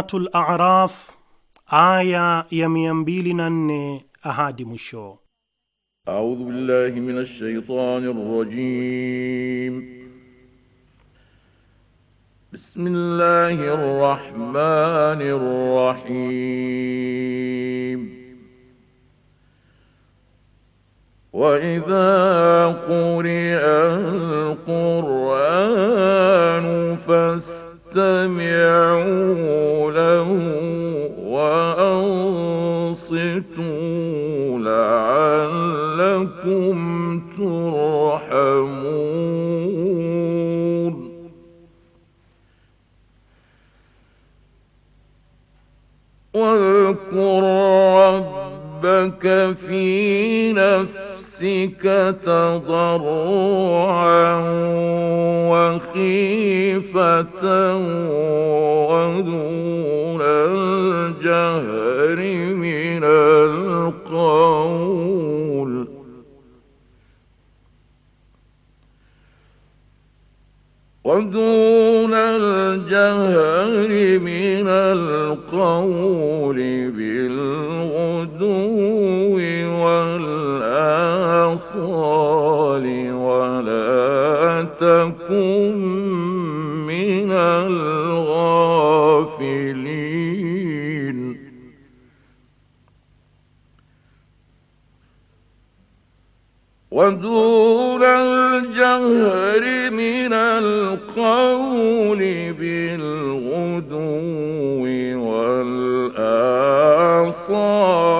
Suratul A'raf aya ya mia mbili na nne ahadi mwisho. A'udhu billahi minash shaitanir rajim. Bismillahir rahmanir rahim. وإذا قرئ القرآن فاستمعوا واذكر ربك في نفسك تضرعا وخيفة ودون الجهر من القول ودون الجهر من القول تكن من الغافلين ودون الجهر من القول بالغدو والآصال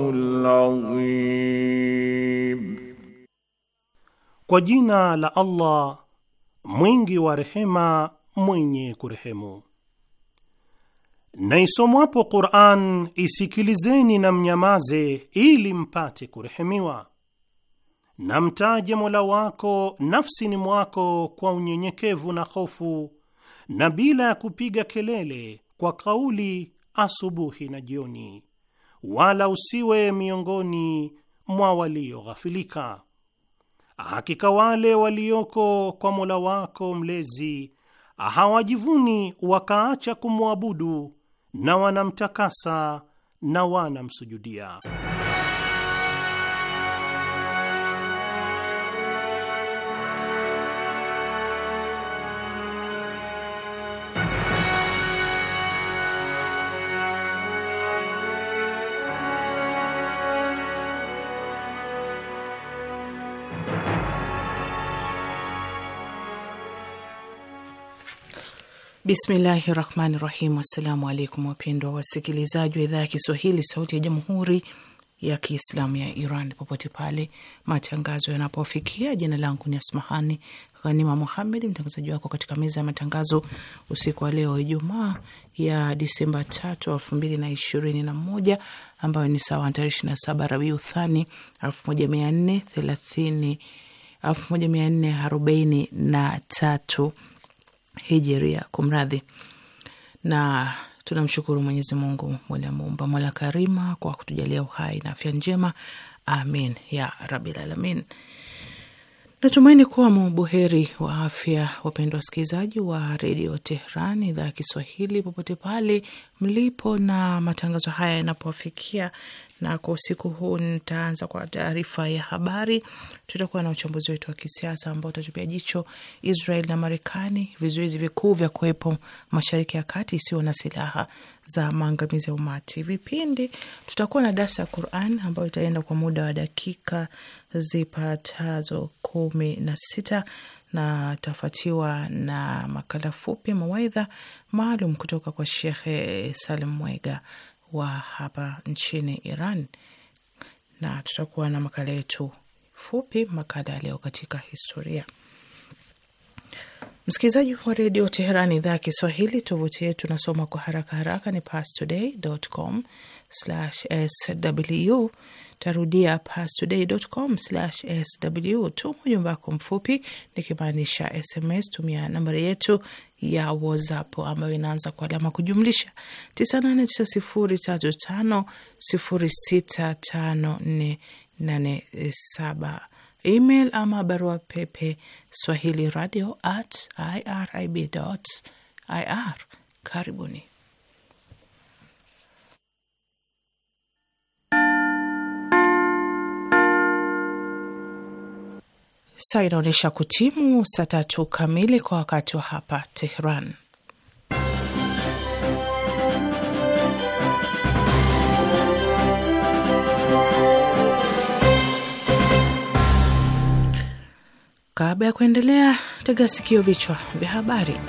Kwa jina la Allah mwingi wa rehema, mwenye kurehemu. Na isomwapo Qur'an isikilizeni na mnyamaze, ili mpate kurehemiwa. Na mtaje Mola wako nafsini mwako kwa unyenyekevu na hofu, na bila ya kupiga kelele, kwa kauli asubuhi na jioni, wala usiwe miongoni mwa walioghafilika. Hakika wale walioko kwa Mola wako mlezi hawajivuni wakaacha kumwabudu na wanamtakasa na wanamsujudia. Bismillahi rahmani rahim. Assalamu alaikum wapendwa wasikilizaji wa idhaa ya Kiswahili sauti ya jamhuri ya Kiislamu ya Iran popote pale matangazo yanapofikia. Jina langu ni Asmahani Ghanima Muhammed, mtangazaji wako katika meza ya matangazo usiku wa leo Ijumaa ya Disemba tatu elfu mbili na ishirini na moja ambayo ni sawa na tarehe ishirini na saba Rabiu Thani elfu moja mia nne thelathini elfu moja mia nne arobaini na tatu hijiria, kumradhi. Na tunamshukuru Mwenyezi Mungu mola muumba karima kwa kutujalia uhai na afya njema, amin ya rabil alamin. Natumaini kuwa mbuheri wa afya, wapendwa wasikilizaji wa redio Tehran idhaa ya Kiswahili, popote pale mlipo na matangazo haya yanapofikia Na kwa usiku huu nitaanza kwa taarifa ya habari. Tutakuwa na uchambuzi wetu wa kisiasa ambao utatupia jicho Israel na Marekani, vizuizi vikuu vya kuwepo Mashariki ya Kati isiyo na silaha za maangamizi ya umati. Vipindi tutakuwa na darsa ya Quran ambayo itaenda kwa muda wa dakika zipatazo kumi na sita na tafuatiwa na makala fupi mawaidha maalum kutoka kwa Shekhe Salim Mwega wa hapa nchini Iran, na tutakuwa na makala yetu fupi, makala ya leo katika historia. Msikilizaji wa redio Teherani, idhaa ya Kiswahili, tovuti yetu nasoma kwa haraka haraka ni pastoday.com/sw Tarudia pastoday.com sw. Tuma ujumbe wako mfupi nikimaanisha SMS. Tumia nambari yetu ya WhatsApp ambayo inaanza kwa alama kujumlisha 989035065487 email ama barua pepe swahili radio at irib ir. Karibuni. Saa inaonyesha kutimu saa tatu kamili kwa wakati wa hapa Tehran. Kabla ya kuendelea, tega sikio, vichwa vya habari.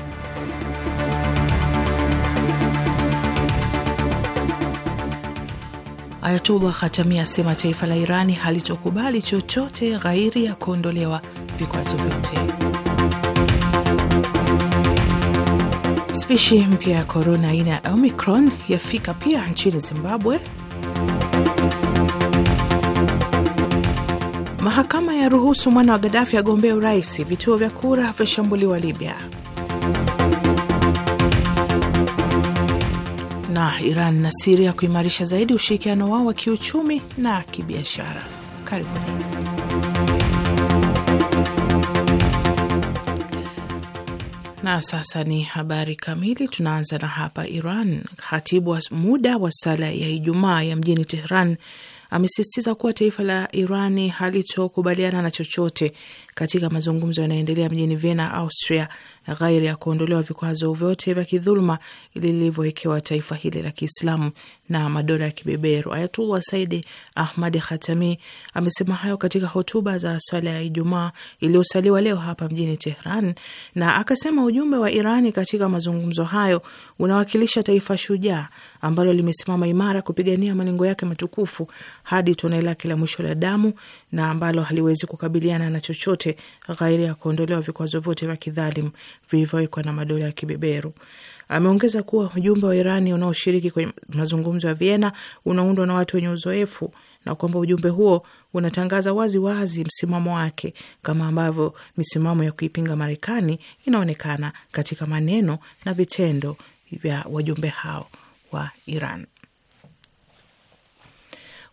Ayatullah Khatami asema taifa la Irani halitokubali chochote ghairi ya kuondolewa vikwazo vyote. Spishi mpya ya korona aina ya Omicron yafika pia nchini Zimbabwe. Mahakama ya ruhusu mwana wa Gaddafi agombea urais. Vituo vya kura vyashambuliwa Libya. na Iran na Siria kuimarisha zaidi ushirikiano wao wa kiuchumi na kibiashara. karibu Na sasa ni habari kamili. Tunaanza na hapa Iran. Khatibu wa muda wa sala ya Ijumaa ya mjini Tehran amesisitiza kuwa taifa la Irani halitokubaliana na chochote katika mazungumzo yanayoendelea mjini Vienna, Austria, ghairi ya kuondolewa vikwazo vyote vya kidhuluma lilivyowekewa taifa hili la Kiislamu na madola ya kibeberu. Ayatullah Saidi Ahmadi Khatami amesema hayo katika hotuba za sala ya Ijumaa iliyosaliwa leo hapa mjini Tehran, na akasema ujumbe wa Irani katika mazungumzo hayo unawakilisha taifa shujaa ambalo limesimama imara kupigania malengo yake matukufu hadi tone lake la mwisho la damu na ambalo haliwezi kukabiliana na chochote ghairi ya kuondolewa vikwazo vyote vya kidhalimu vilivyowekwa na madola ya kibeberu. Ameongeza kuwa ujumbe wa Irani unaoshiriki kwenye mazungumzo ya Vienna unaundwa na watu wenye uzoefu na kwamba ujumbe huo unatangaza wazi wazi msimamo wake kama ambavyo misimamo ya kuipinga Marekani inaonekana katika maneno na vitendo vya wajumbe hao wa Iran.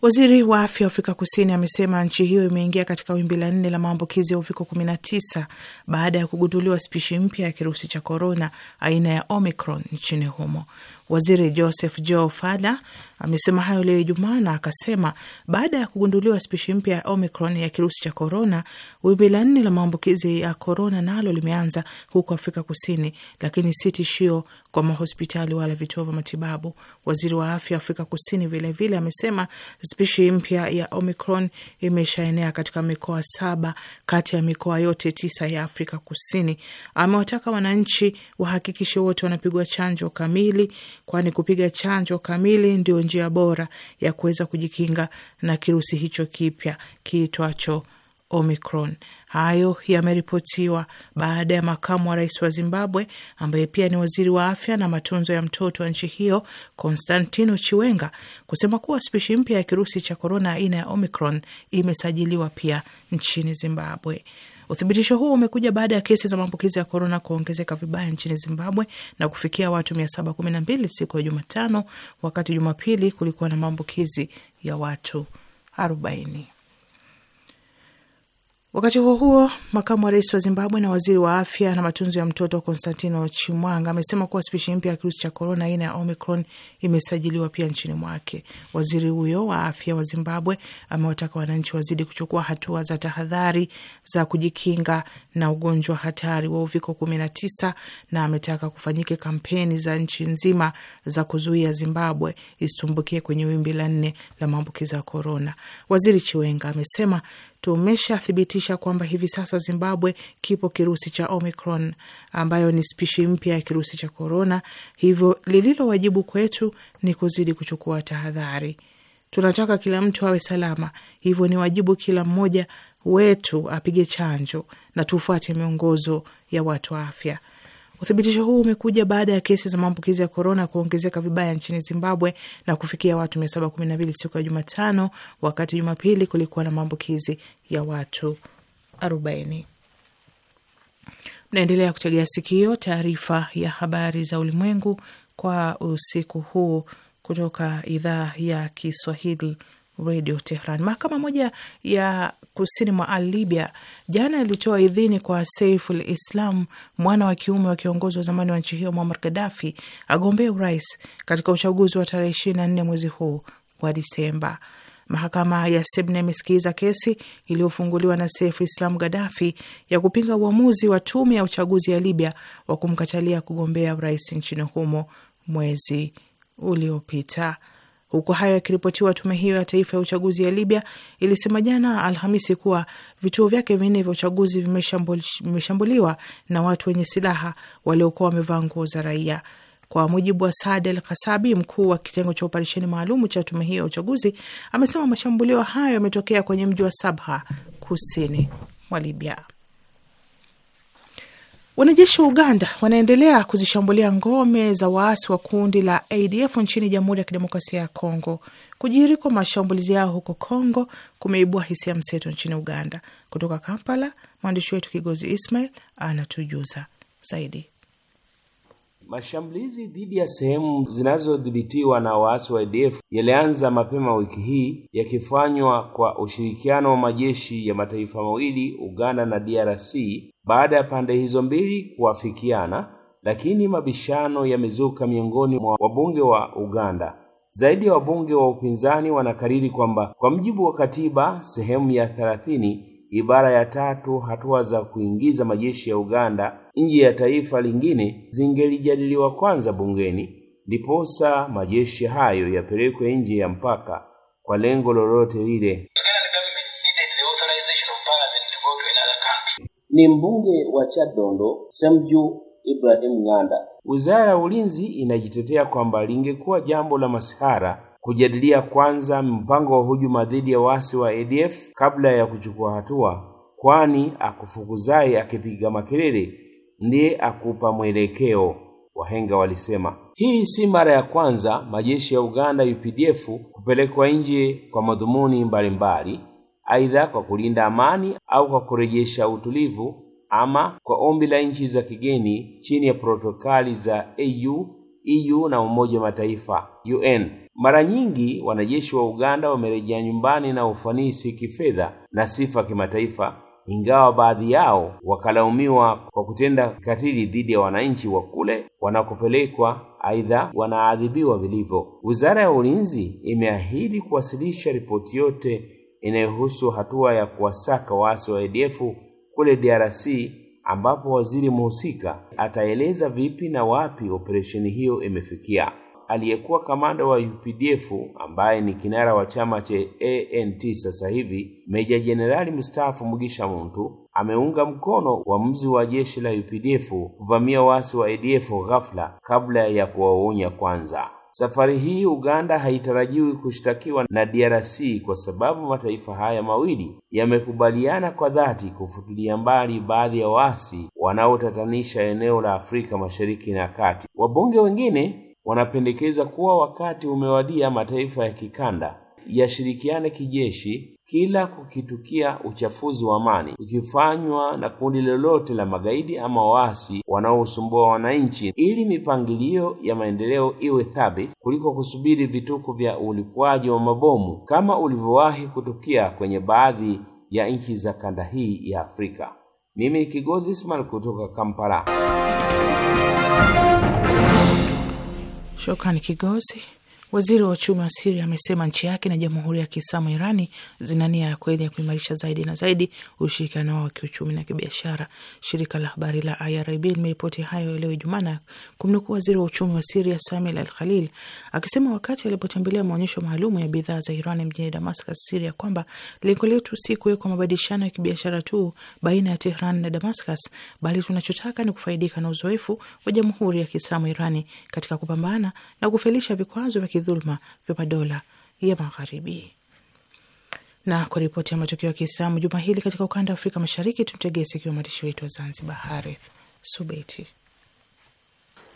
Waziri wa afya wa Afrika Kusini amesema nchi hiyo imeingia katika wimbi la nne la maambukizi ya uviko 19 baada ya kugunduliwa spishi mpya ya kirusi cha korona aina ya Omicron nchini humo. Waziri Joseph Joe Fada amesema hayo leo Ijumaa na akasema baada ya kugunduliwa spishi mpya ya Omicron ya kirusi cha korona, wimbi la nne la maambukizi ya korona nalo limeanza huko Afrika Kusini, lakini si tishio kwa mahospitali wala vituo vya matibabu. Waziri wa afya Afrika Kusini vilevile vile amesema spishi mpya ya Omicron imeshaenea katika mikoa saba kati ya mikoa yote tisa ya Afrika Kusini. Amewataka wananchi wahakikishe wote wanapigwa chanjo kamili kwani kupiga chanjo kamili ndio njia bora ya kuweza kujikinga na kirusi hicho kipya kiitwacho Omicron. Hayo yameripotiwa baada ya makamu wa rais wa Zimbabwe ambaye pia ni waziri wa afya na matunzo ya mtoto wa nchi hiyo konstantino Chiwenga kusema kuwa spishi mpya ya kirusi cha korona aina ya Omicron imesajiliwa pia nchini Zimbabwe. Uthibitisho huu umekuja baada ya kesi za maambukizi ya korona kuongezeka vibaya nchini Zimbabwe na kufikia watu 712 siku ya Jumatano, wakati Jumapili kulikuwa na maambukizi ya watu 40. Wakati huo huo, makamu wa rais wa Zimbabwe na waziri wa afya na matunzo ya mtoto Konstantino Chimwanga amesema kuwa spishi mpya ya kirusi cha korona aina ya Omicron imesajiliwa pia nchini mwake. Waziri huyo wa afya wa Zimbabwe amewataka wananchi wazidi kuchukua hatua za tahadhari za kujikinga na ugonjwa hatari wa uviko 19 na ametaka kufanyike kampeni za nchi nzima za kuzuia Zimbabwe isitumbukie kwenye wimbi la nne la maambukizi ya korona. Waziri Chiwenga amesema tumeshathibitisha kwamba hivi sasa Zimbabwe kipo kirusi cha Omicron ambayo ni spishi mpya ya kirusi cha korona. Hivyo lililo wajibu kwetu ni kuzidi kuchukua tahadhari. Tunataka kila mtu awe salama, hivyo ni wajibu kila mmoja wetu apige chanjo na tufuate miongozo ya watu wa afya. Uthibitisho huu umekuja baada ya kesi za maambukizi ya korona kuongezeka vibaya nchini Zimbabwe na kufikia watu 712 siku ya Jumatano, wakati Jumapili kulikuwa na maambukizi ya watu 40. Mnaendelea kutegea sikio taarifa ya habari za ulimwengu kwa usiku huu kutoka idhaa ya Kiswahili Radio Tehran. Mahakama moja ya kusini mwa al Libya jana ilitoa idhini kwa Saiful Islam, mwana wa kiume wa kiongozi wa zamani wa nchi hiyo Muammar Gaddafi, agombee urais katika uchaguzi wa tarehe ishirini na nne mwezi huu wa Disemba. Mahakama ya Sebna imesikiliza kesi iliyofunguliwa na Seif Islam Gaddafi ya kupinga uamuzi wa tume ya uchaguzi ya Libya wa kumkatalia kugombea urais nchini humo mwezi uliopita. Huku hayo yakiripotiwa, tume hiyo ya taifa ya uchaguzi ya Libya ilisema jana Alhamisi kuwa vituo vyake vinne vya uchaguzi vimeshambuliwa na watu wenye silaha waliokuwa wamevaa nguo za raia. Kwa mujibu wa Saad Al Kasabi, mkuu wa kitengo cha operesheni maalum cha tume hiyo ya uchaguzi, amesema mashambulio hayo yametokea kwenye mji wa Sabha, kusini mwa Libya. Wanajeshi wa Uganda wanaendelea kuzishambulia ngome za waasi wa kundi la ADF nchini Jamhuri ya Kidemokrasia ya Kongo. Kujiri kwa mashambulizi yao huko Kongo kumeibua hisia mseto nchini Uganda. Kutoka Kampala, mwandishi wetu Kigozi Ismail anatujuza zaidi. Mashambulizi dhidi ya sehemu zinazodhibitiwa na waasi wa ADF yalianza mapema wiki hii yakifanywa kwa ushirikiano wa majeshi ya mataifa mawili, Uganda na DRC, baada ya pande hizo mbili kuafikiana, lakini mabishano yamezuka miongoni mwa wabunge wa Uganda. Zaidi ya wabunge wa upinzani wanakariri kwamba kwa mujibu wa katiba sehemu ya thelathini Ibara ya tatu, hatua za kuingiza majeshi ya Uganda nje ya taifa lingine zingelijadiliwa kwanza bungeni, ndiposa majeshi hayo yapelekwe nje ya mpaka kwa lengo lolote lile. Ni mbunge wa Chadondo Semju Ibrahim Ng'anda. Wizara ya Ulinzi inajitetea kwamba lingekuwa jambo la masihara kujadilia kwanza mpango wa hujuma dhidi ya waasi wa ADF kabla ya kuchukua hatua, kwani akufukuzaye akipiga makelele ndiye akupa mwelekeo, wahenga walisema. Hii si mara ya kwanza majeshi ya Uganda UPDF kupelekwa nje kwa madhumuni mbalimbali, aidha kwa kulinda amani au kwa kurejesha utulivu ama kwa ombi la nchi za kigeni chini ya protokali za AU EU na Umoja wa Mataifa UN. Mara nyingi wanajeshi wa Uganda wamerejea nyumbani na ufanisi kifedha na sifa kimataifa, ingawa baadhi yao wakalaumiwa kwa kutenda katili dhidi ya wananchi wa kule wanakopelekwa. Aidha, wanaadhibiwa vilivyo. Wizara ya Ulinzi imeahidi kuwasilisha ripoti yote inayohusu hatua ya kuwasaka waasi wa ADF kule DRC ambapo waziri mhusika ataeleza vipi na wapi operesheni hiyo imefikia. Aliyekuwa kamanda wa UPDF ambaye ni kinara wa chama cha ANT sasa hivi, Meja Jenerali mstaafu Mugisha Muntu ameunga mkono uamuzi wa jeshi la UPDF kuvamia waasi wa ADF ghafla kabla ya kuwaonya kwanza. Safari hii Uganda haitarajiwi kushtakiwa na DRC kwa sababu mataifa haya mawili yamekubaliana kwa dhati kufutilia mbali baadhi ya waasi wanaotatanisha eneo la Afrika Mashariki na Kati. Wabunge wengine wanapendekeza kuwa wakati umewadia mataifa ya kikanda yashirikiane kijeshi kila kukitukia uchafuzi wa amani ukifanywa na kundi lolote la magaidi ama waasi wanaosumbua wananchi, ili mipangilio ya maendeleo iwe thabiti kuliko kusubiri vituko vya ulipuaji wa mabomu kama ulivyowahi kutokea kwenye baadhi ya nchi za kanda hii ya Afrika. Mimi Kigozi Ismail kutoka Kampala. Shukrani Kigozi. Waziri wa uchumi wa Siria amesema nchi yake na Jamhuri ya Kiislamu Irani zina nia ya kweli ya kuimarisha zaidi na zaidi ushirikiano wao wa kiuchumi na kibiashara. Shirika la habari la IRIB limeripoti hayo leo Ijumaa na kumnukuu waziri wa uchumi wa Siria Samuel Al Khalil akisema wakati alipotembelea maonyesho maalum ya bidhaa za Irani mjini Damascus, Siria, kwamba lengo letu si kuwekwa mabadilishano ya kibiashara tu baina ya Tehran na Damascus, bali tunachotaka ni kufaidika na uzoefu wa Jamhuri ya Kiislamu Irani katika kupambana na kufelisha vikwazo vya kidhuluma vya madola ya Magharibi. Na kwa ripoti ya matukio ya Kiislamu juma hili katika ukanda wa Afrika Mashariki, tumtegee sikio mwandishi wetu wa Zanzibar, Harith Subeti.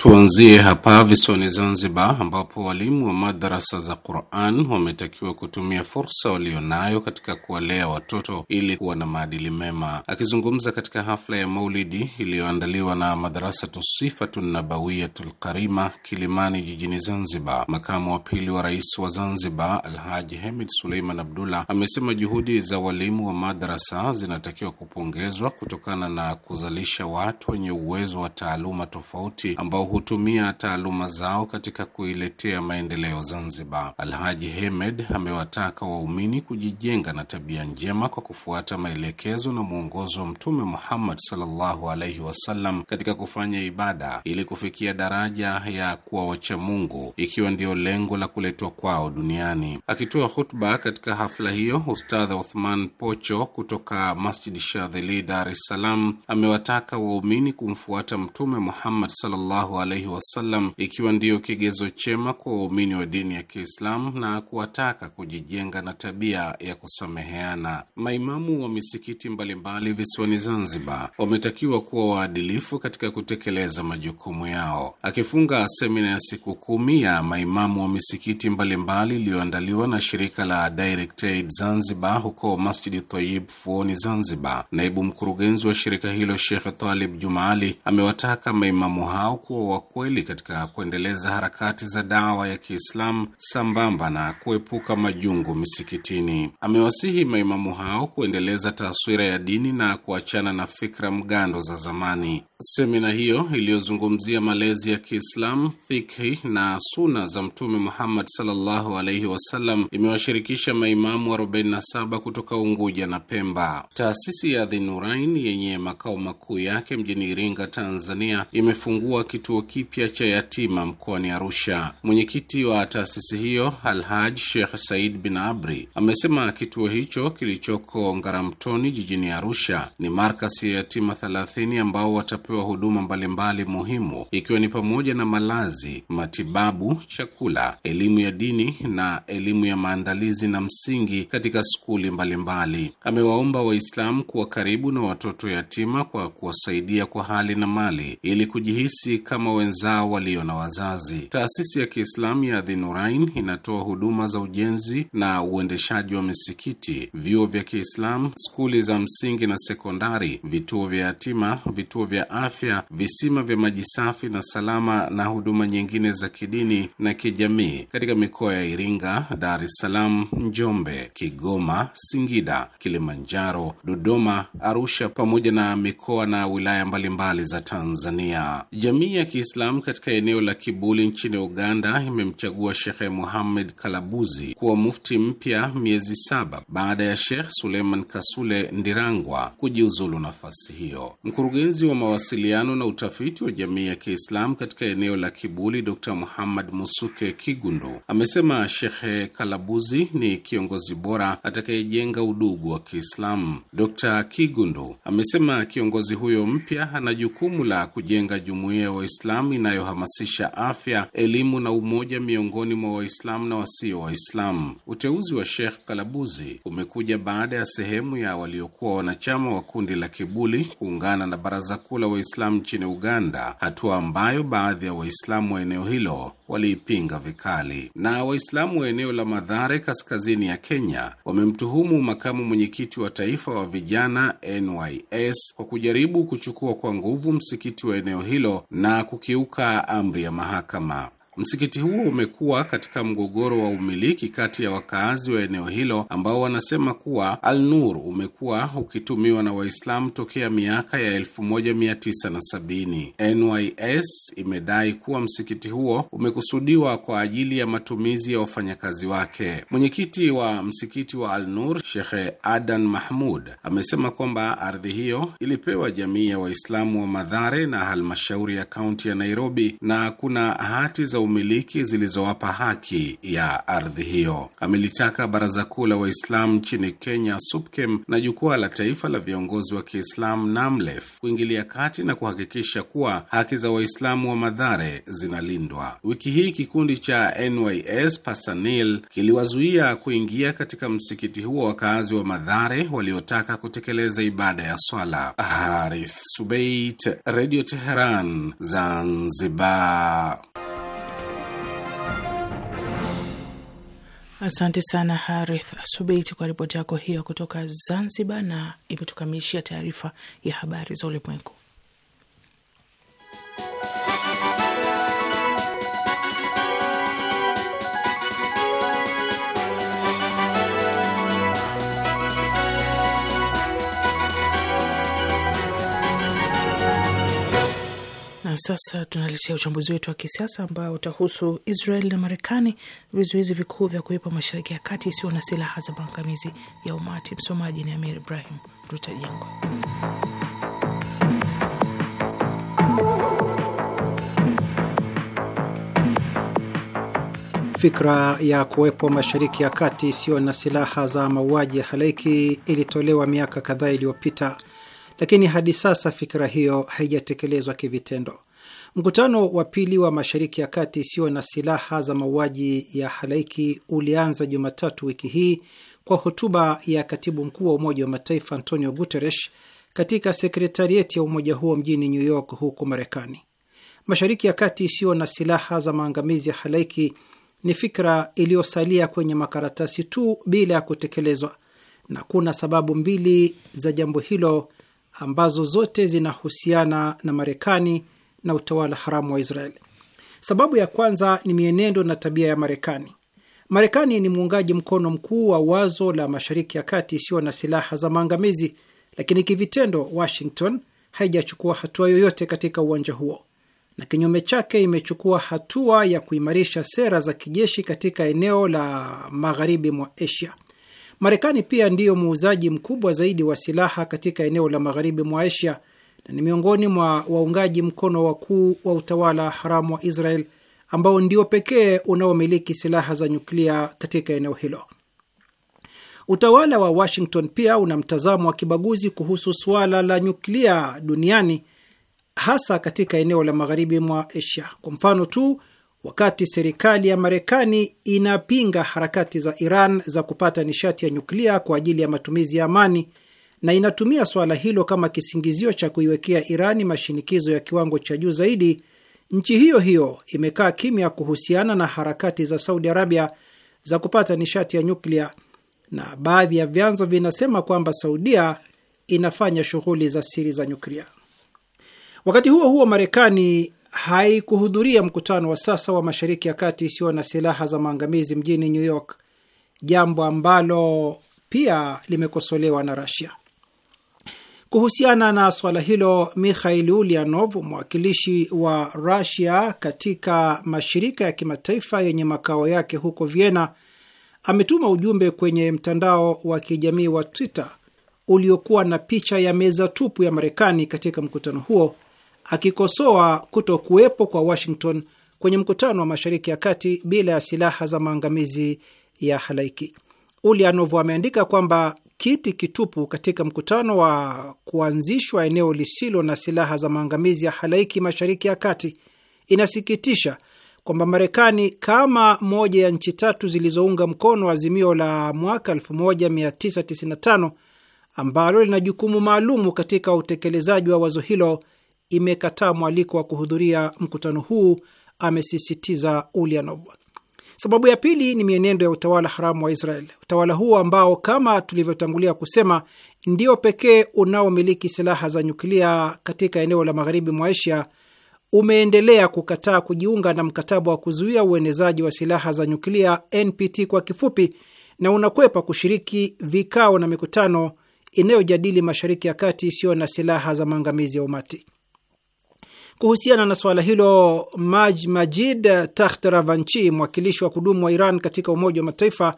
Tuanzie hapa visiwani Zanzibar, ambapo walimu wa madarasa za Quran wametakiwa kutumia fursa walionayo katika kuwalea watoto ili kuwa na maadili mema. Akizungumza katika hafla ya Maulidi iliyoandaliwa na Madarasatu Tusifatu Nabawiyatu Lkarima Kilimani jijini Zanzibar, makamu wa pili wa rais wa Zanzibar Alhaji Hemid Suleiman Abdullah amesema juhudi za walimu wa madarasa zinatakiwa kupongezwa kutokana na kuzalisha watu wenye uwezo wa taaluma tofauti ambao hutumia taaluma zao katika kuiletea maendeleo Zanzibar. Alhaji Hemed amewataka waumini kujijenga na tabia njema kwa kufuata maelekezo na mwongozo wa Mtume Muhammad sallallahu alaihi wasallam katika kufanya ibada ili kufikia daraja ya kuwa wacha Mungu, ikiwa ndiyo lengo la kuletwa kwao duniani. Akitoa hutuba katika hafla hiyo, Ustadha Uthman Pocho kutoka Masjid Shadhili, Dar es Salaam, amewataka waumini kumfuata Mtume Muhammad sallallahu sallallahu alaihi wasallam, ikiwa ndiyo kigezo chema kwa waumini wa dini ya Kiislamu na kuwataka kujijenga na tabia ya kusameheana. Maimamu wa misikiti mbalimbali visiwani Zanzibar wametakiwa kuwa waadilifu katika kutekeleza majukumu yao. Akifunga semina ya siku kumi ya maimamu wa misikiti mbalimbali iliyoandaliwa na shirika la Direct Aid Zanzibar huko Masjidi Tayib Fuoni Zanzibar, naibu mkurugenzi wa shirika hilo Shekh Talib Jumaali amewataka maimamu hao kuwa wa kweli katika kuendeleza harakati za dawa ya Kiislamu sambamba na kuepuka majungu misikitini. Amewasihi maimamu hao kuendeleza taswira ya dini na kuachana na fikra mgando za zamani. Semina hiyo iliyozungumzia malezi ya Kiislamu, fikhi na suna za Mtume Muhammad sallallahu alaihi wasallam imewashirikisha maimamu 47 kutoka Unguja na Pemba. Taasisi ya dhinurain yenye makao makuu yake mjini Iringa, Tanzania, imefungua kituo kituo kipya cha yatima mkoani Arusha. Mwenyekiti wa taasisi hiyo Alhaj Sheikh Said bin Abri amesema kituo hicho kilichoko Ngaramtoni jijini Arusha ni markasi ya yatima thelathini ambao watapewa huduma mbalimbali muhimu, ikiwa ni pamoja na malazi, matibabu, chakula, elimu ya dini na elimu ya maandalizi na msingi katika skuli mbalimbali. Amewaomba Waislamu kuwa karibu na watoto yatima kwa kuwasaidia kwa hali na mali ili kujihisi kama kama wenzao walio na wazazi. Taasisi ya Kiislamu ya Dhinurain inatoa huduma za ujenzi na uendeshaji wa misikiti, vyuo vya Kiislamu, skuli za msingi na sekondari, vituo vya yatima, vituo vya afya, visima vya maji safi na salama, na huduma nyingine za kidini na kijamii katika mikoa ya Iringa, Dar es Salaam, Njombe, Kigoma, Singida, Kilimanjaro, Dodoma, Arusha pamoja na mikoa na wilaya mbalimbali mbali za Tanzania. Jamii ya Kiislamu katika eneo la Kibuli nchini Uganda imemchagua Shekhe Muhammed Kalabuzi kuwa mufti mpya miezi saba baada ya Shekh Suleiman Kasule Ndirangwa kujiuzulu nafasi hiyo. Mkurugenzi wa mawasiliano na utafiti wa jamii ya Kiislamu katika eneo la Kibuli Dr Muhammad Musuke Kigundu amesema Shekhe Kalabuzi ni kiongozi bora atakayejenga udugu wa Kiislamu. Dr Kigundu amesema kiongozi huyo mpya ana jukumu la kujenga jumuiya wa Kiislamu inayohamasisha afya, elimu na umoja miongoni mwa Waislamu na wasio Waislamu. Uteuzi wa Sheikh Kalabuzi umekuja baada ya sehemu ya waliokuwa wanachama wa kundi la Kibuli kuungana na Baraza Kuu la Waislamu nchini Uganda, hatua ambayo baadhi ya Waislamu wa eneo hilo waliipinga vikali. Na Waislamu wa eneo la Madhare kaskazini ya Kenya wamemtuhumu makamu mwenyekiti wa taifa wa vijana NYS kwa kujaribu kuchukua kwa nguvu msikiti wa eneo hilo na kukiuka amri ya mahakama. Msikiti huo umekuwa katika mgogoro wa umiliki kati ya wakaazi wa eneo hilo ambao wanasema kuwa Al Nur umekuwa ukitumiwa na Waislamu tokea miaka ya 1970. NYS imedai kuwa msikiti huo umekusudiwa kwa ajili ya matumizi ya wafanyakazi wake. Mwenyekiti wa msikiti wa Al Nur, Shekhe Adan Mahmud, amesema kwamba ardhi hiyo ilipewa jamii ya Waislamu wa Madhare na halmashauri ya kaunti ya Nairobi na kuna hati za umiliki zilizowapa haki ya ardhi hiyo. Amelitaka Baraza Kuu la Waislamu nchini Kenya, SUPKEM, na Jukwaa la Taifa la Viongozi wa Kiislamu, NAMLEF, kuingilia kati na kuhakikisha kuwa haki za Waislamu wa Madhare zinalindwa. Wiki hii kikundi cha NYS Pasanil kiliwazuia kuingia katika msikiti huo wakaazi wa Madhare waliotaka kutekeleza ibada ya swala. Harith Subait, Radio Teheran, Zanzibar. Asante sana Harith Subeit kwa ripoti yako hiyo kutoka Zanzibar, na imetukamilishia taarifa ya habari za ulimwengu. sasa tunaletea uchambuzi wetu wa kisiasa ambao utahusu Israel na Marekani, vizuizi vikuu vya kuwepo Mashariki ya Kati isiyo na silaha za maangamizi ya umati. Msomaji ni Amir Ibrahim jengo Fikra ya kuwepo Mashariki ya Kati isiyo na silaha za mauaji ya halaiki ilitolewa miaka kadhaa iliyopita lakini hadi sasa fikra hiyo haijatekelezwa kivitendo. Mkutano wa pili wa Mashariki ya Kati isiyo na silaha za mauaji ya halaiki ulianza Jumatatu wiki hii kwa hotuba ya katibu mkuu wa Umoja wa Mataifa Antonio Guterres katika sekretarieti ya umoja huo mjini New York huko Marekani. Mashariki ya Kati isiyo na silaha za maangamizi ya halaiki ni fikra iliyosalia kwenye makaratasi tu bila ya kutekelezwa, na kuna sababu mbili za jambo hilo ambazo zote zinahusiana na Marekani na utawala haramu wa Israeli. Sababu ya kwanza ni mienendo na tabia ya Marekani. Marekani ni muungaji mkono mkuu wa wazo la Mashariki ya Kati isiyo na silaha za maangamizi, lakini kivitendo, Washington haijachukua hatua yoyote katika uwanja huo, na kinyume chake imechukua hatua ya kuimarisha sera za kijeshi katika eneo la magharibi mwa Asia. Marekani pia ndiyo muuzaji mkubwa zaidi wa silaha katika eneo la magharibi mwa Asia na ni miongoni mwa waungaji mkono wakuu wa utawala haramu wa Israel ambao ndio pekee unaomiliki silaha za nyuklia katika eneo hilo. Utawala wa Washington pia una mtazamo wa kibaguzi kuhusu suala la nyuklia duniani, hasa katika eneo la magharibi mwa Asia. Kwa mfano tu Wakati serikali ya Marekani inapinga harakati za Iran za kupata nishati ya nyuklia kwa ajili ya matumizi ya amani na inatumia suala hilo kama kisingizio cha kuiwekea Irani mashinikizo ya kiwango cha juu zaidi, nchi hiyo hiyo imekaa kimya kuhusiana na harakati za Saudi Arabia za kupata nishati ya nyuklia, na baadhi ya vyanzo vinasema kwamba Saudia inafanya shughuli za siri za nyuklia. Wakati huo huo, Marekani haikuhudhuria mkutano wa sasa wa Mashariki ya Kati isiyo na silaha za maangamizi mjini New York, jambo ambalo pia limekosolewa na Russia. Kuhusiana na swala hilo, Mikhail Ulianov, mwakilishi wa Russia katika mashirika ya kimataifa yenye makao yake huko Vienna, ametuma ujumbe kwenye mtandao wa kijamii wa Twitter uliokuwa na picha ya meza tupu ya Marekani katika mkutano huo akikosoa kuto kuwepo kwa Washington kwenye mkutano wa Mashariki ya Kati bila ya silaha za maangamizi ya halaiki. Ulianov ameandika kwamba kiti kitupu katika mkutano wa kuanzishwa eneo lisilo na silaha za maangamizi ya halaiki Mashariki ya Kati inasikitisha kwamba Marekani kama moja ya nchi tatu zilizounga mkono azimio la mwaka 1995 ambalo lina jukumu maalumu katika utekelezaji wa wazo hilo imekataa mwaliko wa kuhudhuria mkutano huu, amesisitiza Ulyanov. Sababu ya pili ni mienendo ya utawala haramu wa Israel. Utawala huo ambao kama tulivyotangulia kusema ndio pekee unaomiliki silaha za nyuklia katika eneo la magharibi mwa Asia umeendelea kukataa kujiunga na mkataba wa kuzuia uenezaji wa silaha za nyuklia NPT kwa kifupi, na unakwepa kushiriki vikao na mikutano inayojadili Mashariki ya Kati isiyo na silaha za maangamizi ya umati. Kuhusiana na suala hilo, Majid Takht Ravanchi, mwakilishi wa kudumu wa Iran katika Umoja wa Mataifa,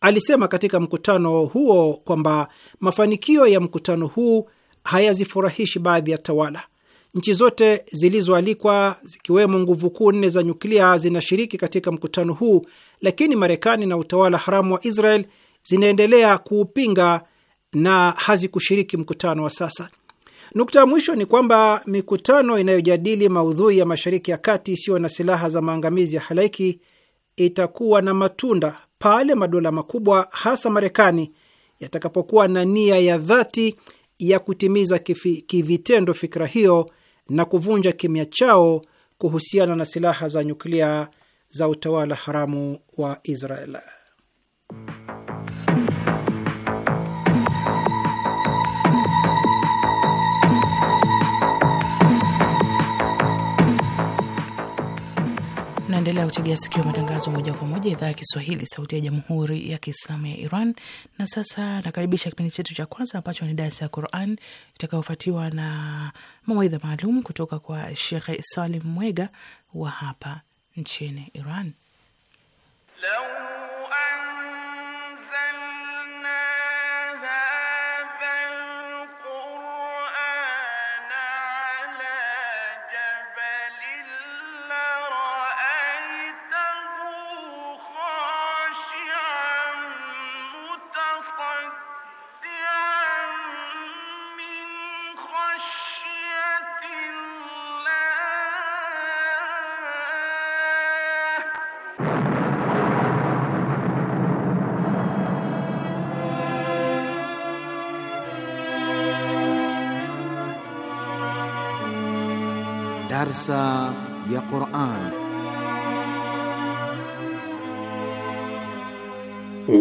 alisema katika mkutano huo kwamba mafanikio ya mkutano huu hayazifurahishi baadhi ya tawala. Nchi zote zilizoalikwa zikiwemo nguvu kuu nne za nyuklia zinashiriki katika mkutano huu, lakini Marekani na utawala haramu wa Israel zinaendelea kuupinga na hazikushiriki mkutano wa sasa. Nukta ya mwisho ni kwamba mikutano inayojadili maudhui ya Mashariki ya Kati isiyo na silaha za maangamizi ya halaiki itakuwa na matunda pale madola makubwa hasa Marekani yatakapokuwa na nia ya dhati ya kutimiza kifi, kivitendo fikra hiyo na kuvunja kimya chao kuhusiana na silaha za nyuklia za utawala haramu wa Israel. Unaendelea kutegea sikio matangazo moja kwa moja idhaa ya Kiswahili, sauti ya jamhuri ya kiislamu ya Iran. Na sasa nakaribisha kipindi chetu cha kwanza ambacho ni darsa ya Quran itakayofuatiwa na mawaidha maalum kutoka kwa Shekhe Salim Mwega wa hapa nchini Iran Hello.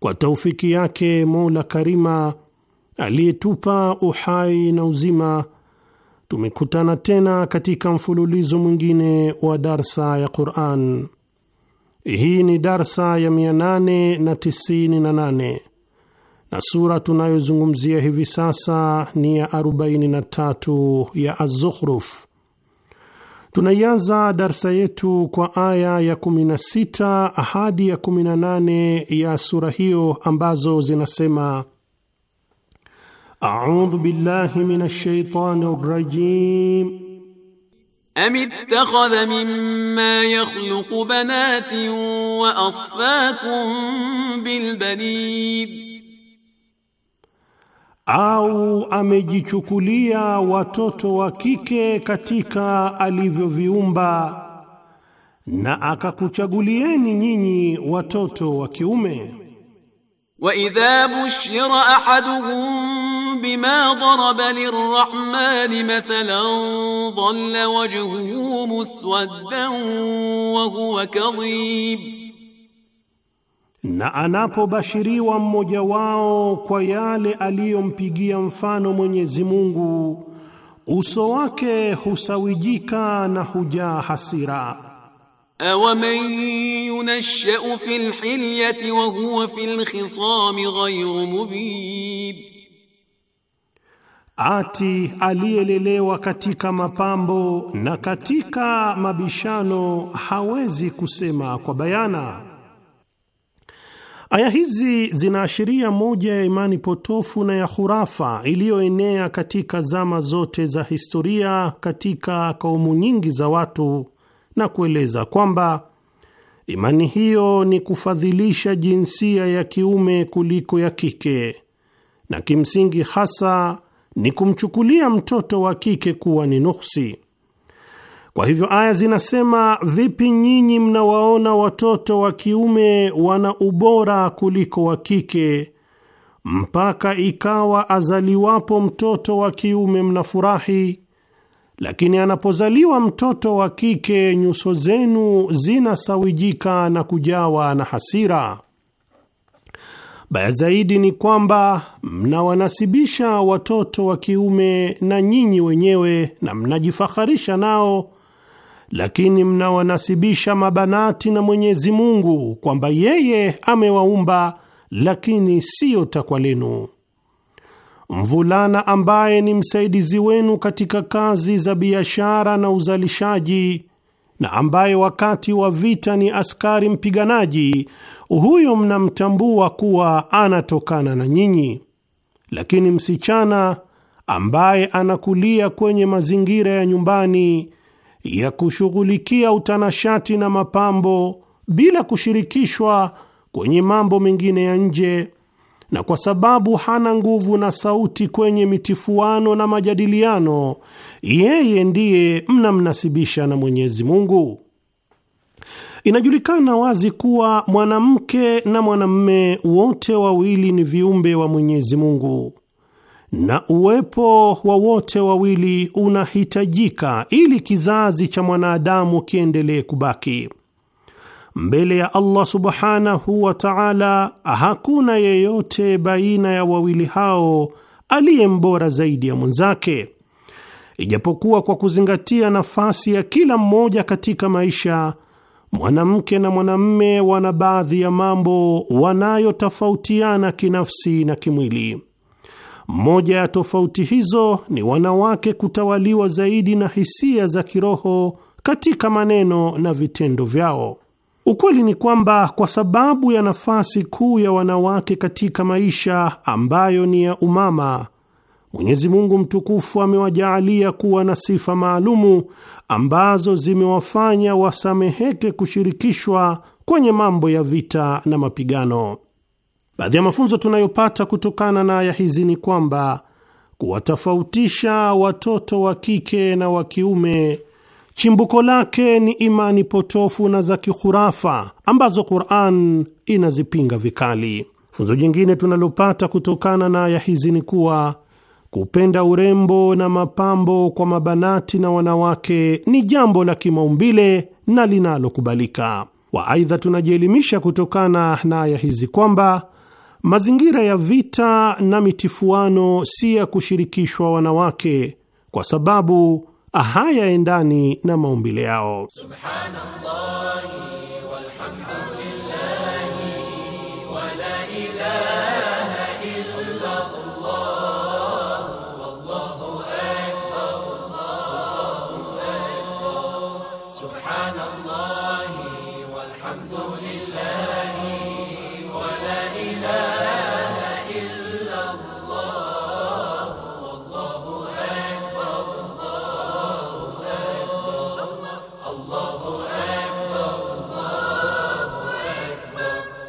kwa taufiki yake Mola Karima aliyetupa uhai na uzima, tumekutana tena katika mfululizo mwingine wa darsa ya Quran. Hii ni darsa ya 898 na sura tunayozungumzia hivi sasa ni ya 43 ya Az-Zukhruf. Tunaianza darsa yetu kwa aya ya 16 hadi ya 18 ya sura hiyo ambazo zinasema: audhu billahi minash shaitani rajim am ittakhadha mimma yakhluqu banatin wa asfakum bil au amejichukulia watoto wa kike katika alivyoviumba na akakuchagulieni nyinyi watoto wa kiume. wa idha bushira ahaduhum bima daraba lirrahman mathalan dhalla wajhuhu muswaddan wa huwa kadhib na anapobashiriwa mmoja wao kwa yale aliyompigia mfano Mwenyezi Mungu, uso wake husawijika na hujaa hasira. man yunashau fi hilyati wa huwa fi khisami ghayru mubin, ati aliyelelewa katika mapambo na katika mabishano hawezi kusema kwa bayana. Aya hizi zinaashiria moja ya imani potofu na ya khurafa iliyoenea katika zama zote za historia katika kaumu nyingi za watu, na kueleza kwamba imani hiyo ni kufadhilisha jinsia ya kiume kuliko ya kike, na kimsingi hasa ni kumchukulia mtoto wa kike kuwa ni nuksi. Kwa hivyo aya zinasema, vipi nyinyi mnawaona watoto wa kiume wana ubora kuliko wa kike, mpaka ikawa azaliwapo mtoto wa kiume mnafurahi, lakini anapozaliwa mtoto wa kike nyuso zenu zinasawijika na kujawa na hasira. Baya zaidi ni kwamba mnawanasibisha watoto wa kiume na nyinyi wenyewe na mnajifaharisha nao lakini mnawanasibisha mabanati na Mwenyezi Mungu kwamba yeye amewaumba, lakini siyo takwa lenu. Mvulana ambaye ni msaidizi wenu katika kazi za biashara na uzalishaji na ambaye wakati wa vita ni askari mpiganaji, huyo mnamtambua kuwa anatokana na nyinyi. Lakini msichana ambaye anakulia kwenye mazingira ya nyumbani ya kushughulikia utanashati na mapambo bila kushirikishwa kwenye mambo mengine ya nje, na kwa sababu hana nguvu na sauti kwenye mitifuano na majadiliano, yeye ndiye mnamnasibisha na Mwenyezi Mungu. Inajulikana wazi kuwa mwanamke na mwanamme wote wawili ni viumbe wa Mwenyezi Mungu na uwepo wa wote wawili unahitajika ili kizazi cha mwanadamu kiendelee kubaki mbele ya Allah subhanahu wa ta'ala. Hakuna yeyote baina ya wawili hao aliye mbora zaidi ya mwenzake, ijapokuwa kwa kuzingatia nafasi ya kila mmoja katika maisha, mwanamke na mwanamme wana baadhi ya mambo wanayotofautiana kinafsi na kimwili. Moja ya tofauti hizo ni wanawake kutawaliwa zaidi na hisia za kiroho katika maneno na vitendo vyao. Ukweli ni kwamba kwa sababu ya nafasi kuu ya wanawake katika maisha ambayo ni ya umama, Mwenyezi Mungu mtukufu amewajaalia kuwa na sifa maalumu ambazo zimewafanya wasameheke kushirikishwa kwenye mambo ya vita na mapigano. Baadhi ya mafunzo tunayopata kutokana na aya hizi ni kwamba kuwatofautisha watoto wa kike na wa kiume chimbuko lake ni imani potofu na za kihurafa ambazo Qur'an inazipinga vikali. Funzo jingine tunalopata kutokana na aya hizi ni kuwa kupenda urembo na mapambo kwa mabanati na wanawake ni jambo la kimaumbile na linalokubalika. Waaidha, tunajielimisha kutokana na aya hizi kwamba Mazingira ya vita na mitifuano si ya kushirikishwa wanawake kwa sababu hayaendani na maumbile yao. Subhanallah.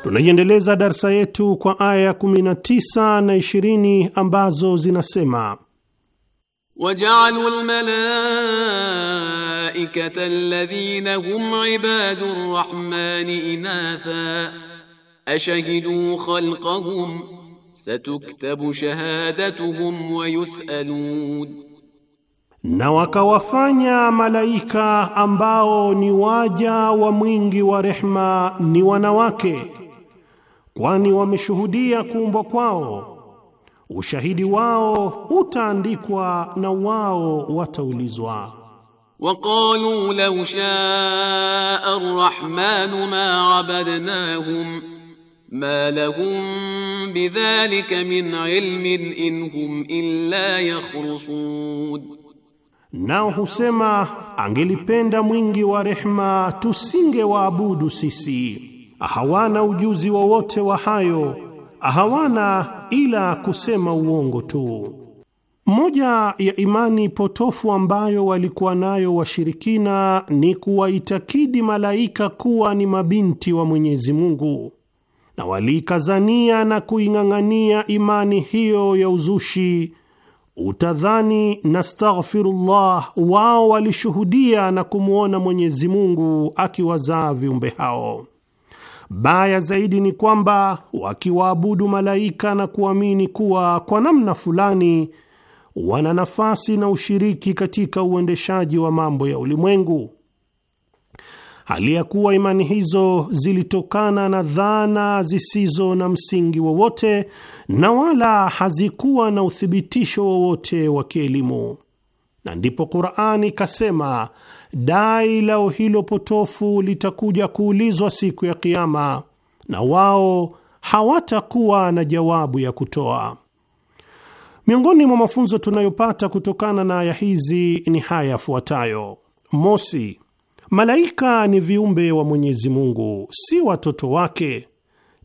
Tunaiendeleza darsa yetu kwa aya 19 na 20 ambazo zinasema wajaalu almalaikata alladhina hum ibadu rrahmani inatha ashahiduu khalqahum satuktabu shahadatuhum wa yusalun, na wakawafanya malaika ambao ni waja wa mwingi wa rehma ni wanawake kwani wameshuhudia kuumbwa kwao. Ushahidi wao utaandikwa na wao wataulizwa. Waqalu law shaa ar-rahman ma abadnahum ma lahum bidhalika min ilmin in hum illa yakhrusun, nao husema angelipenda mwingi wa rehma tusingewaabudu sisi hawana ujuzi wowote wa, hayo, hawana ila kusema uongo tu. Moja ya imani potofu ambayo walikuwa nayo washirikina ni kuwaitakidi malaika kuwa ni mabinti wa Mwenyezi Mungu, na waliikazania na kuing'ang'ania imani hiyo ya uzushi, utadhani nastaghfirullah, wao walishuhudia na kumwona Mwenyezi Mungu akiwazaa viumbe hao. Baya zaidi ni kwamba wakiwaabudu malaika na kuamini kuwa kwa namna fulani wana nafasi na ushiriki katika uendeshaji wa mambo ya ulimwengu, hali ya kuwa imani hizo zilitokana na dhana zisizo na msingi wowote na wala hazikuwa na uthibitisho wowote wa kielimu, na ndipo Qur'ani ikasema dai lao hilo potofu litakuja kuulizwa siku ya Kiama na wao hawatakuwa na jawabu ya kutoa. Miongoni mwa mafunzo tunayopata kutokana na aya hizi ni haya yafuatayo: mosi, malaika ni viumbe wa Mwenyezi Mungu, si watoto wake,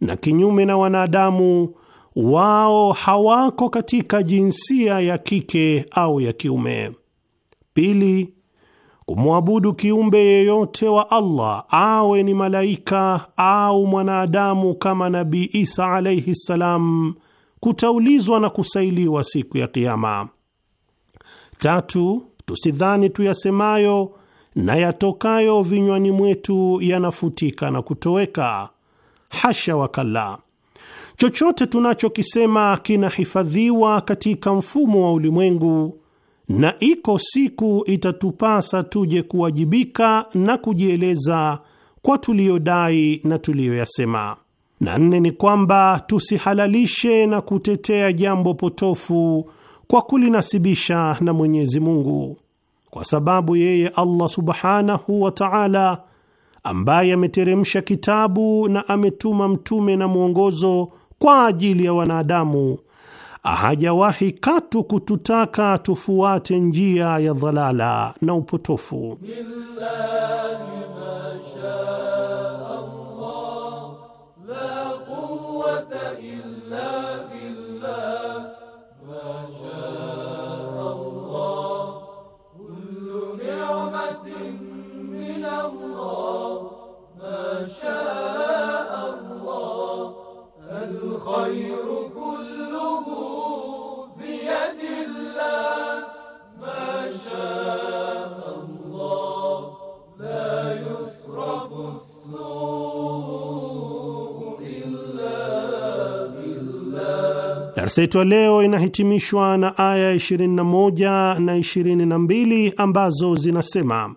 na kinyume na wanadamu wao hawako katika jinsia ya kike au ya kiume. Pili, Kumwabudu kiumbe yeyote wa Allah awe ni malaika au mwanadamu kama Nabii Isa alaihi ssalam kutaulizwa na kusailiwa siku ya Kiama. Tatu, tusidhani tuyasemayo na yatokayo vinywani mwetu yanafutika na kutoweka. Hasha wakala chochote tunachokisema kinahifadhiwa katika mfumo wa ulimwengu na iko siku itatupasa tuje kuwajibika na kujieleza kwa tuliyodai na tuliyoyasema. Na nne ni kwamba tusihalalishe na kutetea jambo potofu kwa kulinasibisha na Mwenyezi Mungu, kwa sababu yeye Allah subhanahu wa ta'ala, ambaye ameteremsha kitabu na ametuma mtume na mwongozo kwa ajili ya wanadamu hajawahi katu kututaka tufuate njia ya dhalala na upotofu Billahi Darsa yetu ya leo inahitimishwa na aya 21 na 22 ambazo zinasema: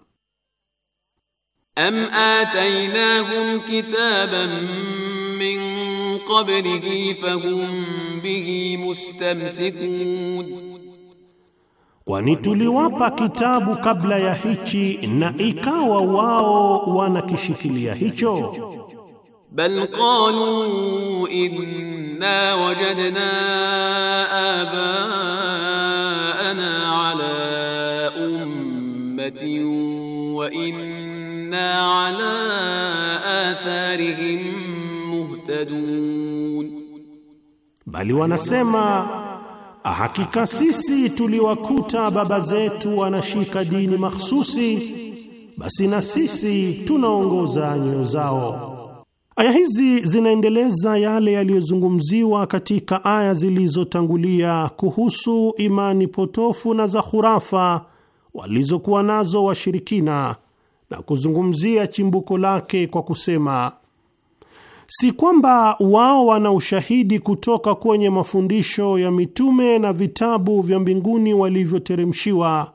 am atainahum kitaban min qablihi fahum bihi mustamsikun, kwani tuliwapa kitabu kabla ya hichi na ikawa wao wanakishikilia hicho. bal qalu inna wajadna abaana ala ummatin wa inna ala atharihim muhtadun, bali wanasema hakika sisi tuliwakuta baba zetu wanashika dini mahsusi, basi na sisi tunaongoza nyoyo zao. Aya hizi zinaendeleza yale yaliyozungumziwa katika aya zilizotangulia kuhusu imani potofu na za hurafa walizokuwa nazo washirikina na kuzungumzia chimbuko lake kwa kusema si kwamba wao wana ushahidi kutoka kwenye mafundisho ya mitume na vitabu vya mbinguni walivyoteremshiwa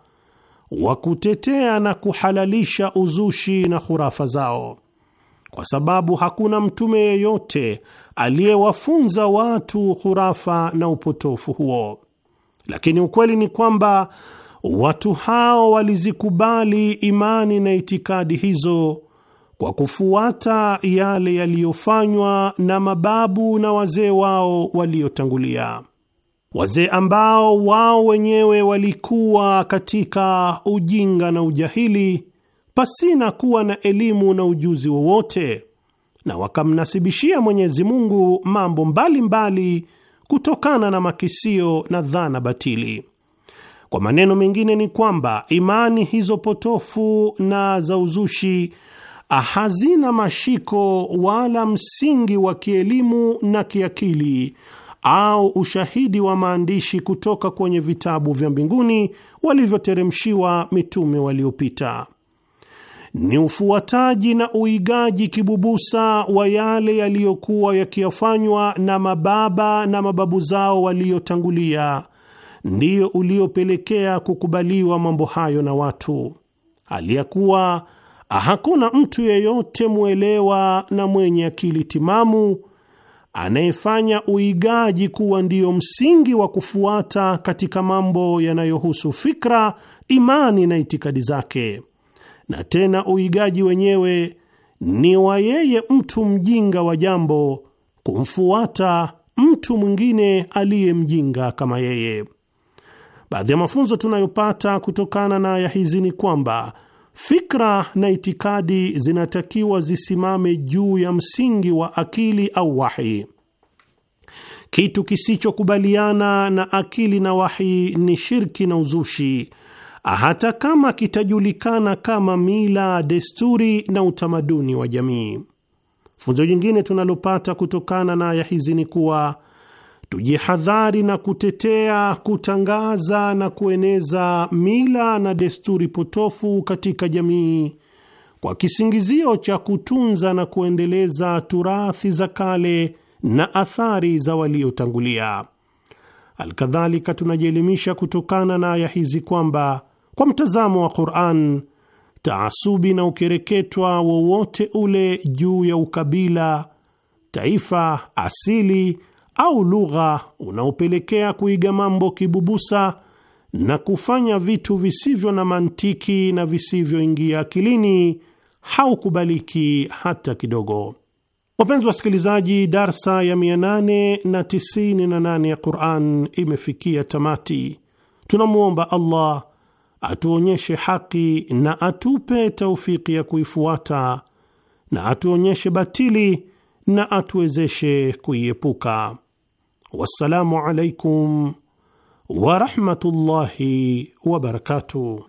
wa kutetea na kuhalalisha uzushi na khurafa zao kwa sababu hakuna mtume yeyote aliyewafunza watu hurafa na upotofu huo. Lakini ukweli ni kwamba watu hao walizikubali imani na itikadi hizo kwa kufuata yale yaliyofanywa na mababu na wazee wao waliotangulia, wazee ambao wao wenyewe walikuwa katika ujinga na ujahili pasina kuwa na elimu na ujuzi wowote, na wakamnasibishia Mwenyezi Mungu mambo mbalimbali mbali kutokana na makisio na dhana batili. Kwa maneno mengine ni kwamba imani hizo potofu na za uzushi hazina mashiko wala msingi wa kielimu na kiakili au ushahidi wa maandishi kutoka kwenye vitabu vya mbinguni walivyoteremshiwa mitume waliopita ni ufuataji na uigaji kibubusa wa yale yaliyokuwa yakiyafanywa na mababa na mababu zao waliotangulia, ndiyo uliopelekea kukubaliwa mambo hayo na watu, hali ya kuwa hakuna mtu yeyote mwelewa na mwenye akili timamu anayefanya uigaji kuwa ndiyo msingi wa kufuata katika mambo yanayohusu fikra, imani na itikadi zake na tena uigaji wenyewe ni wa yeye mtu mjinga wa jambo kumfuata mtu mwingine aliye mjinga kama yeye. Baadhi ya mafunzo tunayopata kutokana na aya hizi ni kwamba fikra na itikadi zinatakiwa zisimame juu ya msingi wa akili au wahi. Kitu kisichokubaliana na akili na wahi ni shirki na uzushi, Ah, hata kama kitajulikana kama mila, desturi na utamaduni wa jamii. Funzo jingine tunalopata kutokana na aya hizi ni kuwa tujihadhari na kutetea, kutangaza na kueneza mila na desturi potofu katika jamii kwa kisingizio cha kutunza na kuendeleza turathi za kale na athari za waliotangulia. Alkadhalika, tunajielimisha kutokana na aya hizi kwamba kwa mtazamo wa Qur'an, taasubi na ukereketwa wowote ule juu ya ukabila, taifa, asili au lugha unaopelekea kuiga mambo kibubusa na kufanya vitu visivyo na mantiki na visivyoingia akilini haukubaliki hata kidogo. Wapenzi wasikilizaji, darsa ya 898 ya Qur'an imefikia tamati. Tunamwomba Allah atuonyeshe haki na atupe taufiki ya kuifuata na atuonyeshe batili na atuwezeshe kuiepuka. Wassalamu alaikum warahmatullahi wabarakatuh.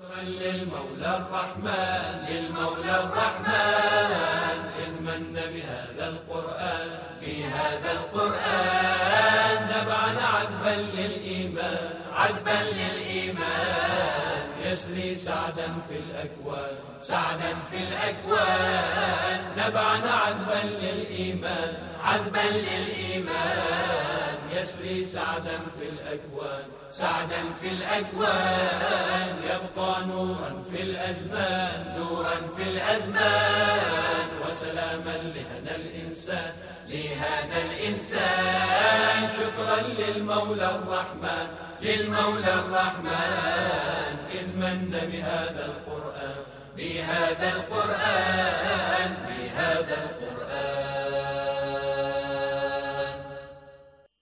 عذبا للإيمان نسلي سعدا في الأكوان سعدا في الأكوان نبعا عذبا للإيمان عذبا للإيمان يسري سعدا في الأكوان سعدا في الأكوان يبقى نورا في الأزمان نورا في الأزمان وسلاما لهنا الإنسان لهنا الإنسان شكرا للمولى الرحمن للمولى الرحمن إذ من بهذا القرآن بهذا القرآن بهذا القرآن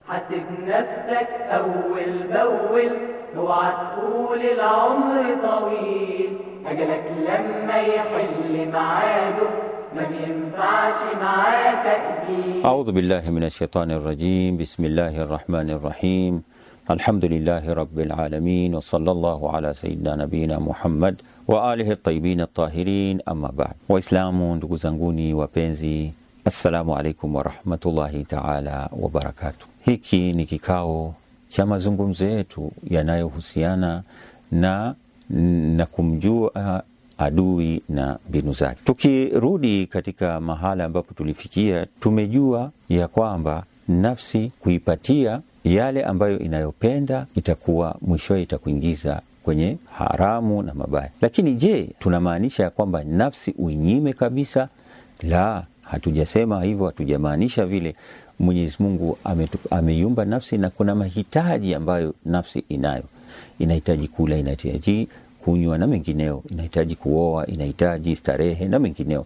حاسب نفسك أول بأول اوعى تقول العمر طويل أجلك لما يحل معاده أعوذ بالله من الشيطان الرجيم بسم الله الرحمن الرحيم Alhamdulillahi rabbil alamin wa sallallahu ala sayyidina nabina Muhammad wa alihi tayyibin tahirin, amma ba'd. Waislamu ndugu zanguni wapenzi, assalamu alaikum warahmatullahi taala wabarakatuh. Hiki ni kikao cha mazungumzo yetu yanayohusiana na, na kumjua adui na mbinu zake. Tukirudi katika mahala ambapo tulifikia, tumejua ya kwamba nafsi kuipatia yale ambayo inayopenda itakuwa mwishowe itakuingiza kwenye haramu na mabaya. Lakini je, tunamaanisha ya kwamba nafsi uinyime kabisa? La, hatujasema hivyo, hatujamaanisha vile. Mwenyezi Mungu ameiumba nafsi na kuna mahitaji ambayo nafsi inayo, inahitaji kula, inahitaji kunywa na mengineo, inahitaji kuoa, inahitaji starehe na mengineo,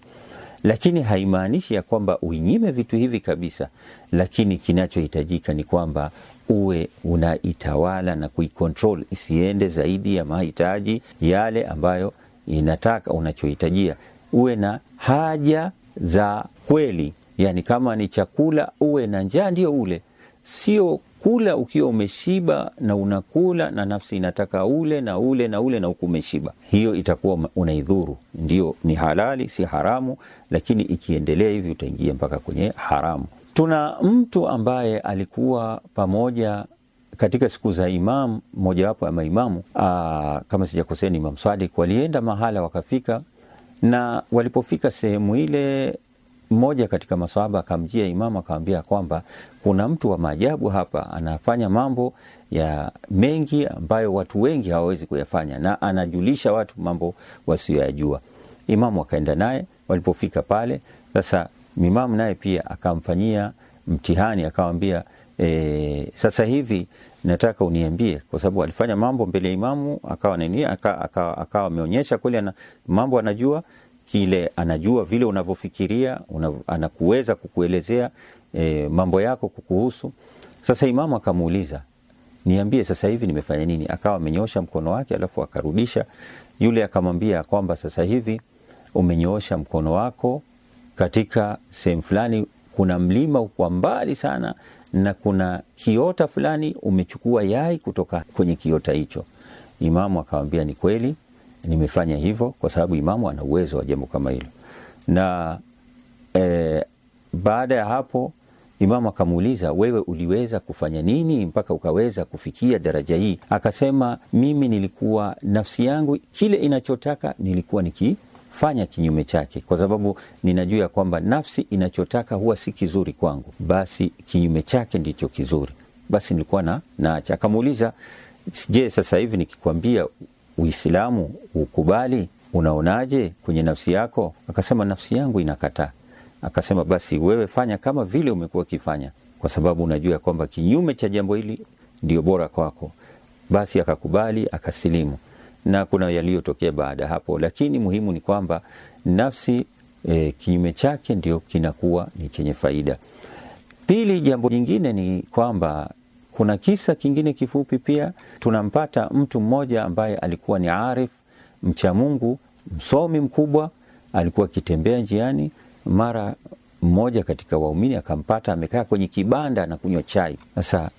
lakini haimaanishi ya kwamba uinyime vitu hivi kabisa, lakini kinachohitajika ni kwamba uwe unaitawala na kuikontrol isiende zaidi ya mahitaji yale ambayo inataka unachohitajia. Uwe na haja za kweli, yani kama ni chakula uwe na njaa ndio ule, sio kula ukiwa umeshiba na unakula na nafsi inataka ule na ule na ule na huku umeshiba, hiyo itakuwa unaidhuru. Ndio, ni halali si haramu, lakini ikiendelea hivi utaingia mpaka kwenye haramu. Tuna mtu ambaye alikuwa pamoja katika siku za Imam, mojawapo ya maimamu aa, ah, kama sijakosea ni Imam Sadik. Walienda mahala wakafika, na walipofika sehemu ile, mmoja katika masahaba akamjia Imamu akamwambia kwamba kuna mtu wa maajabu hapa, anafanya mambo ya mengi ambayo watu wengi hawawezi kuyafanya, na anajulisha watu mambo wasiyoyajua. Imamu akaenda naye, walipofika pale sasa Imamu naye pia akamfanyia mtihani, akamwambia e, sasa hivi nataka uniambie, kwa sababu alifanya mambo mbele ya imamu, akawa nini, akawa ameonyesha kweli ana, mambo anajua kile anajua vile unavyofikiria unav, anakuweza kukuelezea e, mambo yako kukuhusu. Sasa imamu akamuuliza, niambie sasa hivi nimefanya nini? Akawa amenyoosha mkono wake, alafu akarudisha. Yule akamwambia kwamba sasa hivi umenyoosha mkono wako katika sehemu fulani, kuna mlima kwa mbali sana, na kuna kiota fulani, umechukua yai kutoka kwenye kiota hicho. Imamu akawambia ni kweli, nimefanya hivyo, kwa sababu imamu ana uwezo wa jambo kama hilo. Na e, baada ya hapo Imamu akamuuliza, wewe uliweza kufanya nini mpaka ukaweza kufikia daraja hii? Akasema, mimi nilikuwa nafsi yangu kile inachotaka nilikuwa niki fanya kinyume chake, kwa sababu ninajua ya kwamba nafsi inachotaka huwa si kizuri kwangu, basi kinyume chake ndicho kizuri. Basi nilikuwa na naacha. Akamuuliza, je, sasa hivi nikikwambia Uislamu ukubali, unaonaje kwenye nafsi yako? Akasema, nafsi yangu inakataa. Akasema, basi wewe fanya kama vile umekuwa ukifanya, kwa sababu unajua ya kwamba kinyume cha jambo hili ndio bora kwako. Basi akakubali akasilimu na kuna yaliyotokea baada hapo, lakini muhimu ni kwamba nafsi e, kinyume chake ndio kinakuwa ni chenye faida. Pili, jambo jingine ni kwamba kuna kisa kingine kifupi pia, tunampata mtu mmoja ambaye alikuwa ni arif mcha Mungu, msomi mkubwa, alikuwa akitembea njiani, mara mmoja katika waumini akampata amekaa kwenye kibanda na kunywa chai. Sasa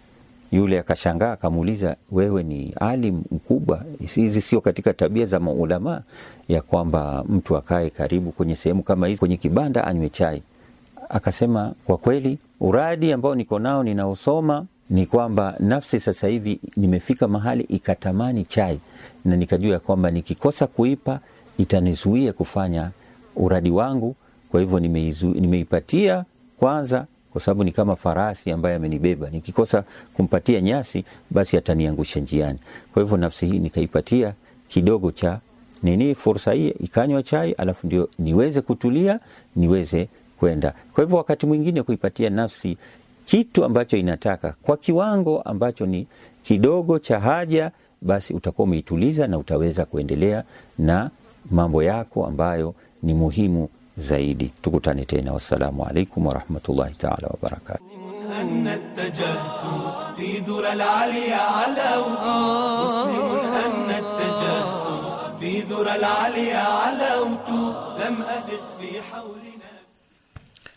yule akashangaa akamuuliza, wewe ni alim mkubwa, hizi sio katika tabia za maulama ya kwamba mtu akae karibu kwenye sehemu kama hizi, kwenye kibanda anywe chai? Akasema, kwa kweli uradi ambao niko nao ninaosoma ni kwamba nafsi sasa hivi nimefika mahali ikatamani chai, na nikajua ya kwamba nikikosa kuipa itanizuia kufanya uradi wangu. Kwa hivyo nimeipatia kwanza kwa sababu ni kama farasi ambaye amenibeba, nikikosa kumpatia nyasi basi ataniangusha njiani. Kwa hivyo nafsi hii nikaipatia kidogo cha nini, fursa hii ikanywa chai, alafu ndio niweze kutulia, niweze kwenda. Kwa hivyo wakati mwingine kuipatia nafsi kitu ambacho inataka kwa kiwango ambacho ni kidogo cha haja, basi utakuwa umeituliza na utaweza kuendelea na mambo yako ambayo ni muhimu zaidi. Tukutane tena, wassalamu alaikum warahmatullahi taala wabarakatuh.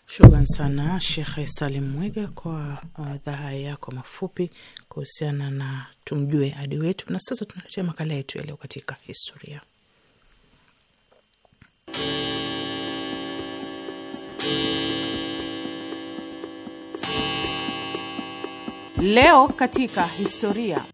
Shukran sana Shekhe Salim Mwega kwa uh, dhaha yako mafupi kuhusiana na tumjue adi wetu. Na sasa tunaletea makala yetu yaliyo katika historia Leo katika historia.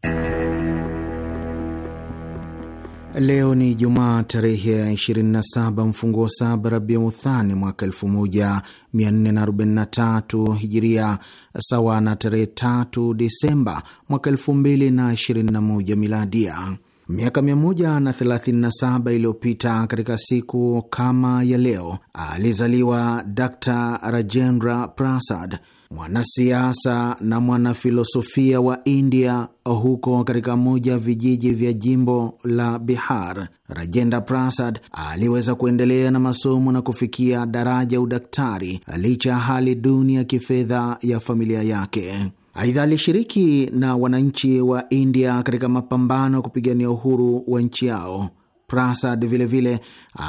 Leo ni Jumaa tarehe ya 27 wa saba rabia uthani mwaka 1443 Hijiria, sawa na tarehe 3 Disemba mwaka 2021 Miladia. Miaka 137 iliyopita katika siku kama ya leo alizaliwa Dr Rajendra Prasad, mwanasiasa na mwanafilosofia wa India huko katika moja ya vijiji vya jimbo la Bihar, Rajendra Prasad aliweza kuendelea na masomo na kufikia daraja udaktari licha ya hali duni ya kifedha ya familia yake. Aidha, alishiriki na wananchi wa India katika mapambano ya kupigania uhuru wa nchi yao. Prasad vilevile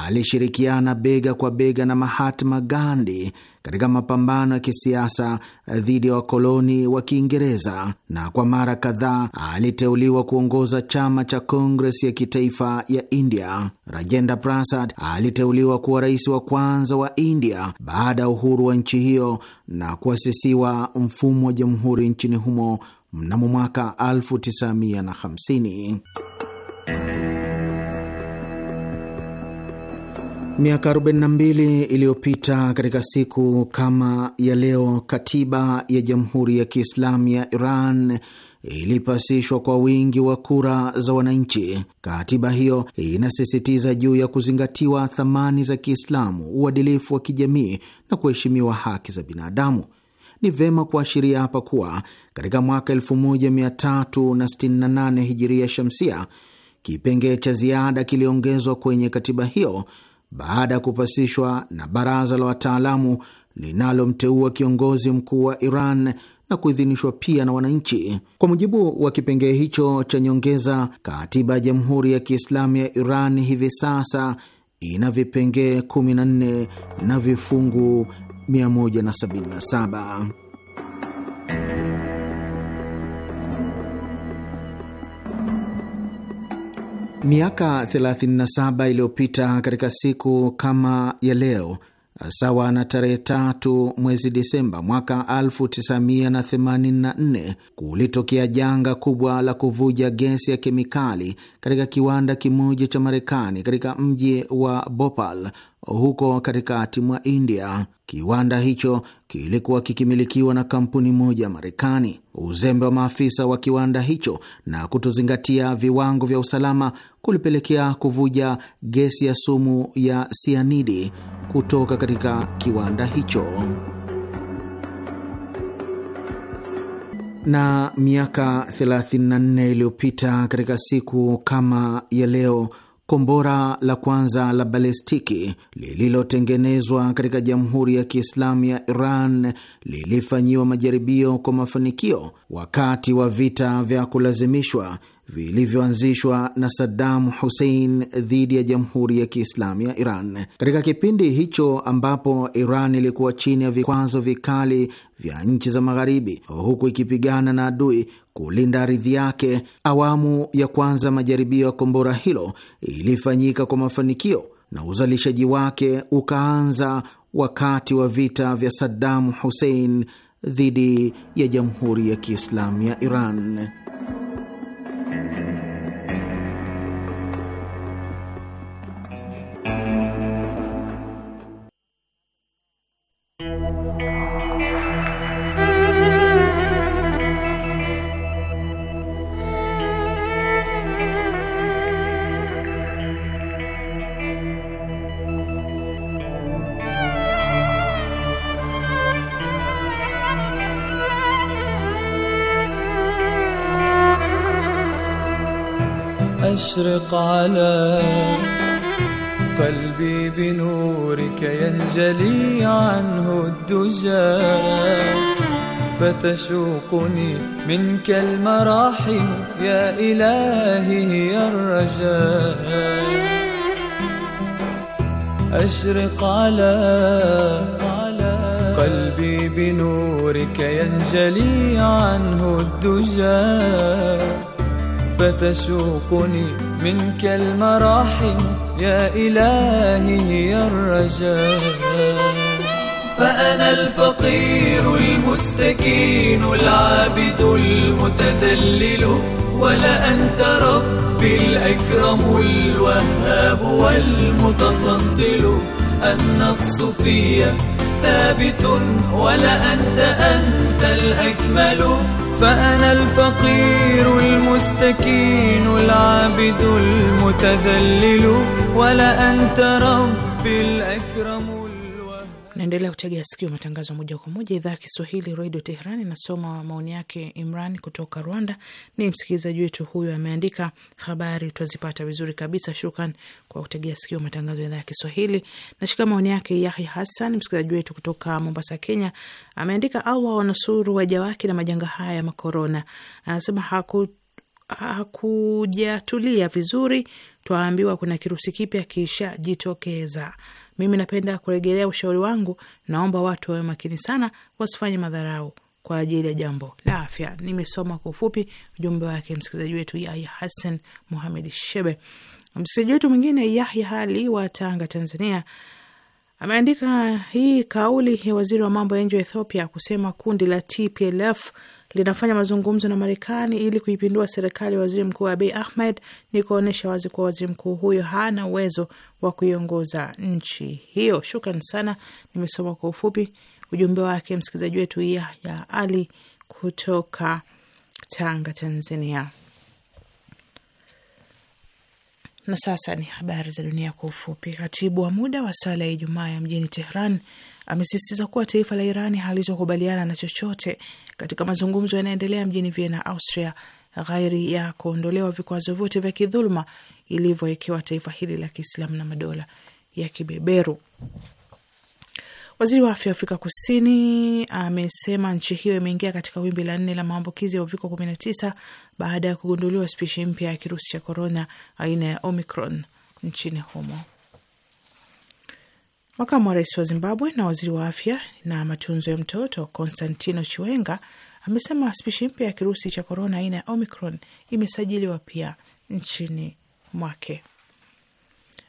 alishirikiana bega kwa bega na Mahatma Gandhi katika mapambano ya kisiasa dhidi ya wakoloni wa Kiingereza na kwa mara kadhaa aliteuliwa kuongoza chama cha Kongres ya Kitaifa ya India. Rajendra Prasad aliteuliwa kuwa rais wa kwanza wa India baada ya uhuru wa nchi hiyo na kuasisiwa mfumo wa jamhuri nchini humo mnamo mwaka 1950. Miaka 42 iliyopita katika siku kama ya leo, katiba ya Jamhuri ya Kiislamu ya Iran ilipasishwa kwa wingi wa kura za wananchi. Katiba hiyo inasisitiza juu ya kuzingatiwa thamani za Kiislamu, uadilifu wa kijamii na kuheshimiwa haki za binadamu. Ni vema kuashiria hapa kuwa katika mwaka 1368 hijiria shamsia, kipengee cha ziada kiliongezwa kwenye katiba hiyo baada ya kupasishwa na baraza la wataalamu linalomteua kiongozi mkuu wa Iran na kuidhinishwa pia na wananchi. Kwa mujibu wa kipengee hicho cha nyongeza, katiba ya Jamhuri ya Kiislamu ya Iran hivi sasa ina vipengee 14 na vifungu 177. Miaka 37 iliyopita katika siku kama ya leo, sawa na tarehe tatu mwezi Disemba mwaka 1984 kulitokea janga kubwa la kuvuja gesi ya kemikali katika kiwanda kimoja cha Marekani katika mji wa Bhopal huko katikati mwa India. Kiwanda hicho kilikuwa kikimilikiwa na kampuni moja ya Marekani. Uzembe wa maafisa wa kiwanda hicho na kutozingatia viwango vya usalama kulipelekea kuvuja gesi ya sumu ya sianidi kutoka katika kiwanda hicho. na miaka 34 iliyopita katika siku kama ya leo Kombora la kwanza la balestiki lililotengenezwa katika Jamhuri ya Kiislamu ya Iran lilifanyiwa majaribio kwa mafanikio wakati wa vita vya kulazimishwa vilivyoanzishwa na Saddam Hussein dhidi ya Jamhuri ya Kiislamu ya Iran. Katika kipindi hicho ambapo Iran ilikuwa chini ya vikwazo vikali vya nchi za Magharibi, huku ikipigana na adui, kulinda ardhi yake. Awamu ya kwanza majaribio ya kombora hilo ilifanyika kwa mafanikio na uzalishaji wake ukaanza wakati wa vita vya Saddam Hussein dhidi ya Jamhuri ya Kiislamu ya Iran. أشق على قلبي بنورك ينجلي عنه الدجى فتشوقني منك المراحم يا إلهي يا الرجاء أشرق على قلبي بنورك ينجلي عنه الدجى فتشوقني منك المراحم يا إلهي هي الرجاء فأنا الفقير المستكين العابد المتذلل ولا أنت ربي الأكرم الوهاب والمتفضل النقص في ثابت ولا أنت أنت الأكمل فأنا الفقير المستكين العابد المتذلل ولا أنت ربي الأكرم Naendelea kutegea sikio matangazo moja kwa moja idhaa ya Kiswahili redio Teherani. Nasoma maoni yake Imran kutoka Rwanda, ni msikilizaji wetu huyu, ameandika habari twazipata vizuri kabisa. Shukran kwa kutegea sikio matangazo ya idhaa ya Kiswahili. Nashika maoni yake Yahya Hassan, msikilizaji wetu kutoka Mombasa, Kenya, ameandika Allah wanasuru waja wake na majanga haya ya makorona. Anasema haku hakujatulia vizuri, twaambiwa kuna kirusi kipya kisha jitokeza. Mimi napenda kurejelea ushauri wangu, naomba watu wawe makini sana, wasifanye madharau kwa ajili ya jambo la afya. Nimesoma kwa ufupi ujumbe wake msikilizaji wetu Yahya Hassan Muhamed Shebe. Msikilizaji wetu mwingine Yahya Hali wa Tanga, Tanzania, ameandika hii kauli ya waziri wa mambo ya nje wa Ethiopia kusema kundi la TPLF linafanya mazungumzo na Marekani ili kuipindua serikali ya waziri mkuu Abiy Ahmed ni kuonyesha wazi kuwa waziri mkuu huyo hana uwezo wa kuiongoza nchi hiyo. Shukran sana, nimesoma kwa ufupi ujumbe wake msikilizaji wetu Yahya Ali kutoka Tanga, Tanzania. Na sasa ni habari za dunia kwa ufupi. Katibu wa muda wa sala ya Ijumaa ya mjini Tehran amesisitiza kuwa taifa la Irani halitokubaliana na chochote katika mazungumzo yanayoendelea mjini Vienna, Austria, ghairi ya kuondolewa vikwazo vyote vya kidhuluma ilivyowekewa taifa hili la Kiislamu na madola ya kibeberu. Waziri wa afya wa Afrika Kusini amesema nchi hiyo imeingia katika wimbi la nne la maambukizi ya uviko 19 baada ya kugunduliwa spishi mpya ya kirusi cha korona aina ya Omicron nchini humo. Makamu wa rais wa Zimbabwe na waziri wa afya na matunzo ya mtoto Konstantino Chiwenga amesema spishi mpya ya kirusi cha korona aina ya Omicron imesajiliwa pia nchini mwake.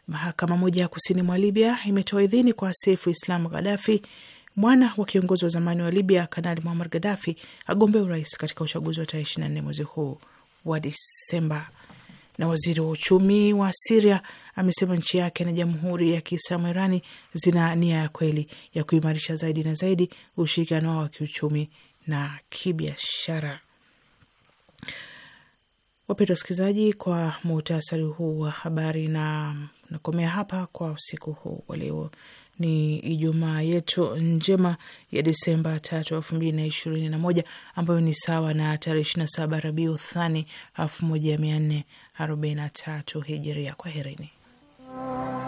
Mahakama moja ya kusini mwa Libya imetoa idhini kwa Saifu Islam Gadafi, mwana wa kiongozi wa zamani wa Libya Kanali Muammar Gadafi, agombea urais katika uchaguzi wa tarehe na nne mwezi huu wa Disemba. Na waziri wa uchumi wa Siria amesema nchi yake na Jamhuri ya Kiislamu Irani zina nia ya kweli ya kuimarisha zaidi na zaidi ushirikiano wao wa kiuchumi na kibiashara. Wapendwa wasikilizaji, kwa muhtasari huu wa habari na nakomea hapa kwa usiku huu wa leo. Ni Ijumaa yetu njema ya Desemba tatu elfu mbili na ishirini na moja ambayo ni sawa na tarehe ishirini na saba Rabiu Thani elfu moja mia nne arobaini na tatu Hijiria. Kwaherini. Oh.